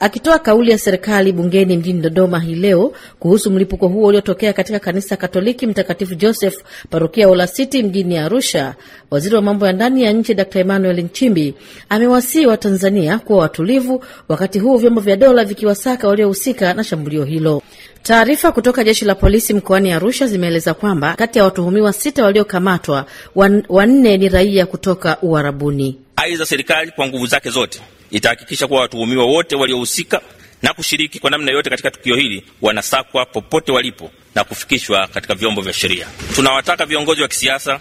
Akitoa kauli ya serikali bungeni mjini Dodoma hii leo kuhusu mlipuko huo uliotokea katika kanisa Katoliki Mtakatifu Joseph parokia Olasiti mjini Arusha, waziri wa mambo ya ndani ya nchi dr Emmanuel Nchimbi amewasihi Watanzania kuwa watulivu, wakati huu vyombo vya dola vikiwasaka waliohusika na shambulio hilo. Taarifa kutoka jeshi la polisi mkoani Arusha zimeeleza kwamba kati ya watuhumiwa sita waliokamatwa, wanne ni raia kutoka Uarabuni. Aidha, serikali kwa nguvu zake zote itahakikisha kuwa watuhumiwa wote waliohusika na kushiriki kwa namna yote katika tukio hili wanasakwa popote walipo na kufikishwa katika vyombo vya sheria. Tunawataka viongozi wa kisiasa,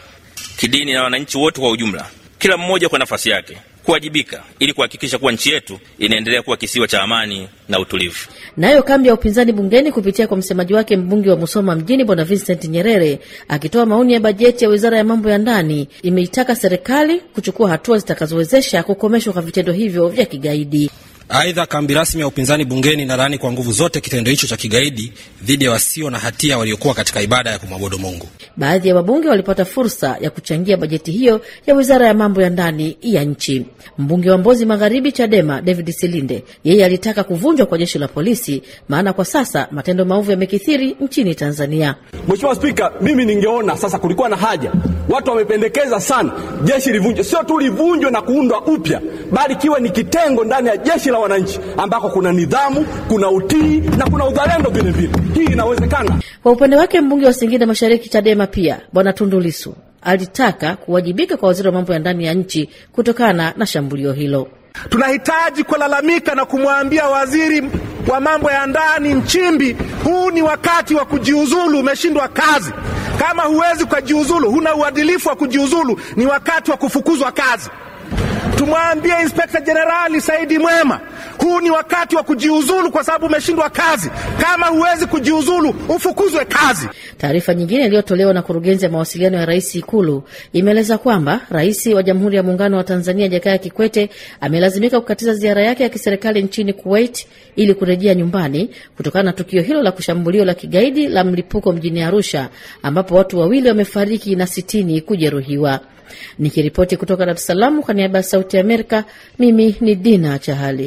kidini na wananchi wote kwa ujumla, kila mmoja kwa nafasi yake kuwajibika ili kuhakikisha kuwa nchi yetu inaendelea kuwa kisiwa cha amani na utulivu. Nayo kambi ya upinzani bungeni kupitia kwa msemaji wake mbunge wa Musoma mjini Bwana Vincent Nyerere akitoa maoni ya bajeti ya wizara ya mambo ya ndani imeitaka serikali kuchukua hatua zitakazowezesha kukomeshwa kwa vitendo hivyo vya kigaidi. Aidha, kambi rasmi ya upinzani bungeni inalaani kwa nguvu zote kitendo hicho cha kigaidi dhidi ya wasio na hatia waliokuwa katika ibada ya kumwabudu Mungu. Baadhi ya wabunge walipata fursa ya kuchangia bajeti hiyo ya wizara ya mambo ya ndani ya nchi. Mbunge wa Mbozi Magharibi Chadema David Silinde yeye alitaka kuvunjwa kwa jeshi la polisi, maana kwa sasa matendo maovu yamekithiri nchini Tanzania. Mheshimiwa Spika, mimi ningeona sasa kulikuwa na haja Watu wamependekeza sana jeshi livunjwe, sio tu livunjwe na kuundwa upya, bali kiwe ni kitengo ndani ya jeshi la wananchi ambako kuna nidhamu, kuna utii na kuna uzalendo vilevile. Hii inawezekana. Kwa upande wake, mbunge wa Singida Mashariki Chadema pia Bwana Tundu alitaka kuwajibika kwa waziri wa mambo ya ndani ya nchi kutokana na shambulio hilo. Tunahitaji kulalamika na kumwambia waziri wa mambo ya ndani mchimbi huu ni wakati wa kujiuzulu, umeshindwa kazi. Kama huwezi kujiuzulu, huna uadilifu wa kujiuzulu, ni wakati wa kufukuzwa kazi. Tumwambie Inspekta Jenerali Saidi Mwema huu ni wakati wa kujiuzulu kwa sababu umeshindwa kazi. Kama huwezi kujiuzulu, ufukuzwe kazi. Taarifa nyingine iliyotolewa na kurugenzi ya mawasiliano ya rais Ikulu imeeleza kwamba rais wa Jamhuri ya Muungano wa Tanzania Jakaya Kikwete amelazimika kukatiza ziara yake ya kiserikali nchini Kuwait ili kurejea nyumbani kutokana na tukio hilo la kushambulio la kigaidi la mlipuko mjini Arusha ambapo watu wawili wamefariki na sitini kujeruhiwa. Nikiripoti kutoka Dar es Salaam kwa niaba ya Sauti ya Amerika, mimi ni Dina Chahali.